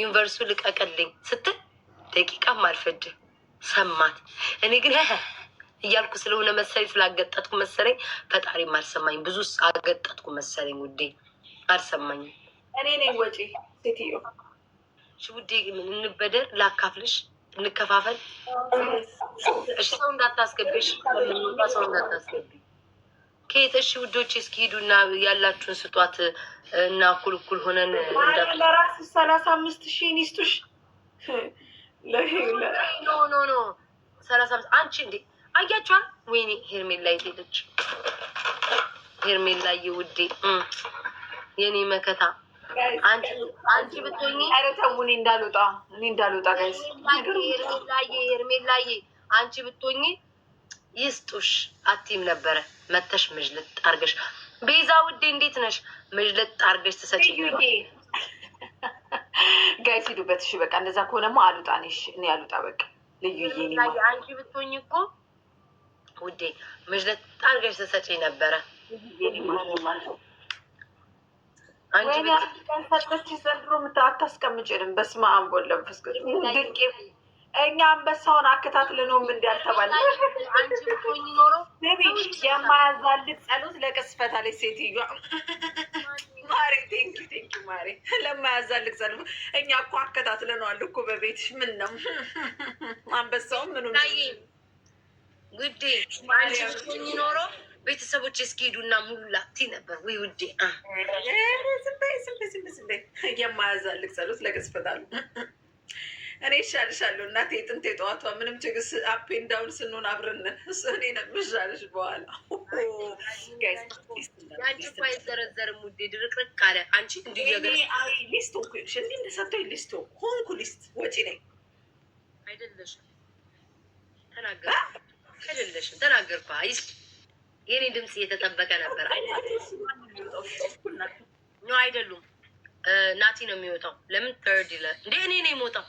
ዩኒቨርሱ ልቀቀልኝ ስትል ደቂቃም አልፈጅም ሰማት። እኔ ግን እያልኩ ስለሆነ መሰለኝ ስላገጠጥኩ መሰለኝ ፈጣሪም አልሰማኝ። ብዙ አገጠጥኩ መሰለኝ ውዴ አልሰማኝም። እኔ ነኝ ወጪ ሴትዮ ውዴ እንበደር ላካፍልሽ እንከፋፈል። እሺ ሰው እንዳታስገብሽ፣ ሰው እንዳታስገቢ ከየት? እሺ ውዶች፣ እስኪ ሂዱና ያላችሁን ስጧት እና እኩል እኩል ሆነን ለራስ ሰላሳ አምስት ሺ ይስጡሽ። ኖ ኖ ኖ ሰላሳ አምስት አንቺ እንዴ አያቸዋል። ወይኔ ሄርሜላ ሄርሜል ላይ የውዴ የኔ መከታ አንቺ ብትሆኚ ኧረ ተው እኔ እንዳልወጣ እኔ እንዳልወጣ ጋይስ ሄርሜል ላይ አንቺ ብትሆኚ ይስጡሽ አቲም ነበረ መተሽ ምዥልጥ አርገሽ ቤዛ ውዴ እንዴት ነሽ? ምዥልጥ አርገሽ ትሰጪ ጋይ ሲሄዱበት። እሺ በቃ እንደዛ ከሆነማ አሉጣ ነሽ። እኔ አሉጣ በቃ ልዩ አንቺ ብትሆኝ እኮ ውዴ ምዥልጥ አርገሽ ትሰጪ ነበረ። ሰጠች ዘንድሮ አታስቀምጭንም። በስመ አብ ወወልድ ወመንፈስ ቅዱስ ድንቅ እኛ አንበሳውን አከታትለነውም እንዳልተባለ የማያዛልቅ ጸሎት ለቅስፈት አለች ሴትዮዋ ማሬ። ቴንኪ ቴንኪ ማሬ፣ ለማያዛልቅ ጸሎት እኛ እኮ አከታትለነዋል እኮ በቤት ምን ነው አንበሳውም ምኑ ውዴ፣ አንቺ ብትሆኚ ኖሮ ቤተሰቦች እስኪሄዱና ሙሉ ላክቲ ነበር ወይ ውዴ? ዝም በይ ስንበይ በይ ዝም በይ። የማያዛልቅ ጸሎት ለቅስፈት አለ እኔ ይሻልሻለሁ እናቴ የጥንት የጠዋቷ ምንም ችግስ አፕ ኤንድ ዳውን ስንሆን አብረን እኔ ነው በኋላ አንቺ እኮ አይዘረዘርም ውዴ፣ ድርቅርቅ ካለ አንቺ ሊስት ሆንኩሽ እንዲ እንደሰብተኝ ሊስት ሆንኩ ሊስት ወጪ ነኝ አይደለሽም። ተናገር አይደለሽም፣ ተናገርኩ። ይስ የኔ ድምፅ እየተጠበቀ ነበር። አይደሉም ናቲ ነው የሚወጣው። ለምን ተርድ ይለ እንዴ? እኔ ነው የምወጣው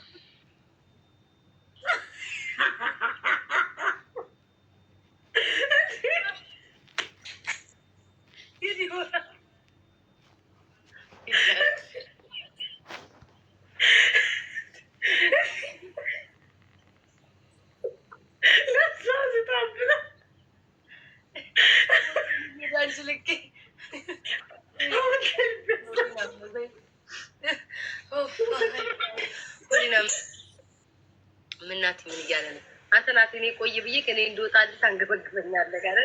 ምናት ምን እያለ ነው? አንተ ናት እኔ ቆይ ብዬ ከኔ እንደወጣ አዲስ አንገበግበኛለ ጋር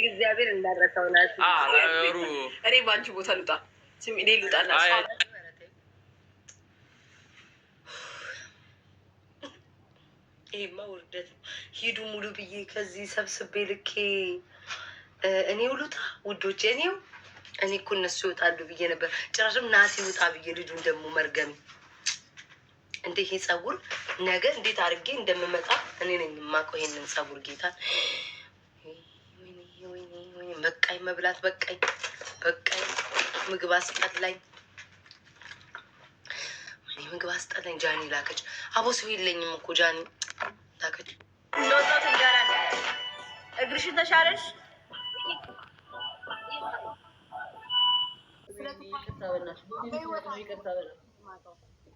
እግዚአብሔር እንዳረሰው ናት። እኔ በአንቺ ቦታ ልውጣ ስም እኔ ልውጣ ና ይሄማ ውርደት ነው። ሂዱ ሙሉ ብዬ ከዚህ ሰብስቤ ልኬ እኔ ውሉታ ውዶቼ፣ እኔው እኔ እኮ እነሱ ይወጣሉ ብዬ ነበር። ጭራሽም ናት ይውጣ ብዬ ልጁን ደግሞ መርገም እንዴት ይጸጉር ነገ እንዴት አድርጌ እንደምመጣ እኔ ነኝ የማውቀው። ይሄንን ጸጉር ጌታ በቃኝ፣ መብላት በቃኝ፣ በቃኝ። ምግብ አስጠላኝ፣ ምግብ አስጠላኝ። ጃኒ ላከች። አቦ ሰው የለኝም እኮ ጃኒ ላከች። እንደወጣት እንገራለ እግርሽን ተሻለሽ ይቅርታ በናትሽ ይቅርታ በናትሽ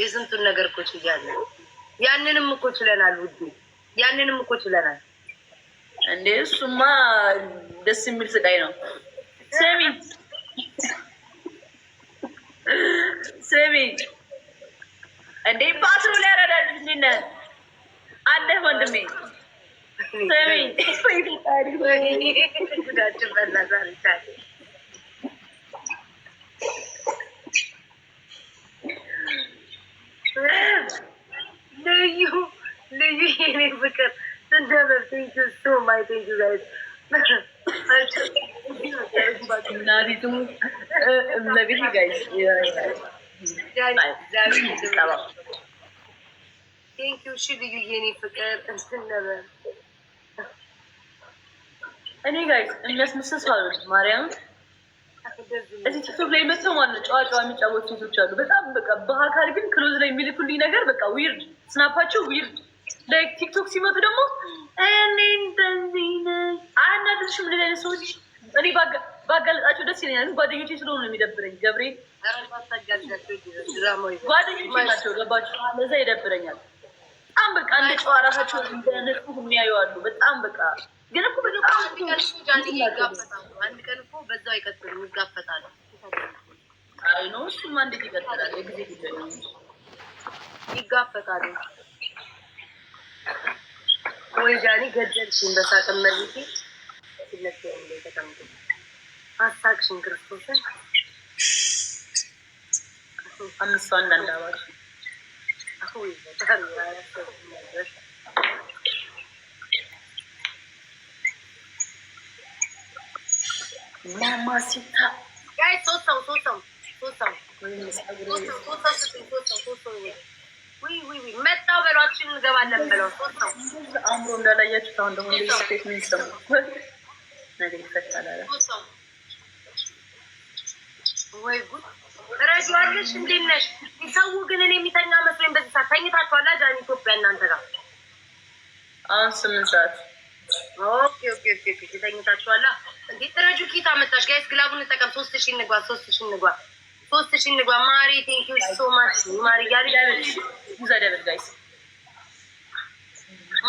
የስንቱን ነገር እኮ ችያለሁ። ያንንም እኮ ችለናል ውዴ፣ ያንንም እኮ ችለናል። እንዴ እሱማ ደስ የሚል ስቃይ ነው። ሰሚ ሰሚ እንዴ ፓትሮ ላይ ያረዳል እንዴነ አለ ወንድሜ። ስሚ ጉዳችን በላ ዛሬ thank you so much. Thank you guys. ለቤት ጋይስ ቴንክ ዩ እሺ። ልዩ የኔ ፍቅር እንትን ነበር እኔ ጋይስ የሚያስመስል ሰው አሉ። ማርያም እዚህ ቲክቶክ ላይ መጥተው ማለት ጨዋ ጨዋ የሚጫወቱ ሴቶች አሉ። በጣም በቃ በአካል ግን ክሎዝ ላይ የሚልኩልኝ ነገር በቃ ዊርድ ስናፓቸው ዊርድ ቲክቶክ ሲመጡ ደግሞ እኔ እንደዚህ አያናድርሽ ምን አይነት ሰዎች እኔ ባጋለጣቸው ደስ ይለኛል። ጓደኞቼ ስለሆኑ ነው የሚደብረኝ። ገብሬ ጓደኞቼ ናቸው ገባቸው። ለዛ ይደብረኛል በጣም በቃ እንደ ጨዋ ራሳቸው እንደነሱ የሚያዩ አሉ። በጣም በቃ ግን እኮ በጣም ቀን እኮ በዛው አይቀጥሉም ይጋፈጣሉ። አይ ነው እሱማ እንዴት ይቀጥላል? የጊዜ ጉዳይ ነው። ይጋፈጣሉ ወይ ጃኒ ገደልሽኝ፣ በሳቅም መልቲ ሲለት እንደ ተቀምጡ አሳቅሽን ክርስቶስን አምስቷ እንዳንዳባሽ ማማሲታ ሶስት ሰው ሶስት ሰው ሶስት ሰው ሶስት ሰው ሶስት ሰው ሶስት ሰው ራሳችን እንገባለን ብለው አእምሮ እንዳላያችሁት አሁን ደግሞ ምን ደግሞ ነገር ይፈታላለ ወይ ጉድ ረጅዋለሽ እንዴት ነሽ? ሰው ግን እኔ የሚተኛ መስሎኝ በዚህ ሰዓት ተኝታችኋላ? ጃኒ ኢትዮጵያ እናንተ ጋር አሁን ስምንት ሰዓት ኦኬ ኦኬ ኦኬ ተኝታችኋላ? እንዴት ረጁ ኪት አመጣሽ? ጋይስ ግላቡን እንጠቀም። ሶስት ሺ እንግባ፣ ሶስት ሺ እንግባ፣ ሶስት ሺ እንግባ። ማሪ ሶ ማች ማሪ ጋሪ ጉዛ ደብል ጋይስ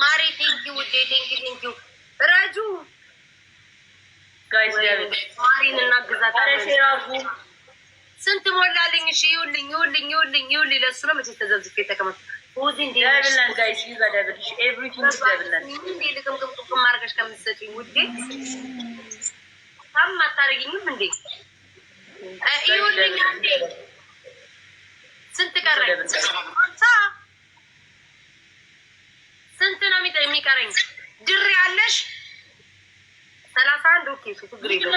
ማሬ ቴንኪ ውዴ ቴንኪ ቴንኪ ረጁ ማሪን እናግዛታለን። ስንት ሞላልኝ? እሺ ለእሱ ነው መቼ ተዘብዝፌ ውዴ ታም አታደርጊኝም እንዴ? Grilo.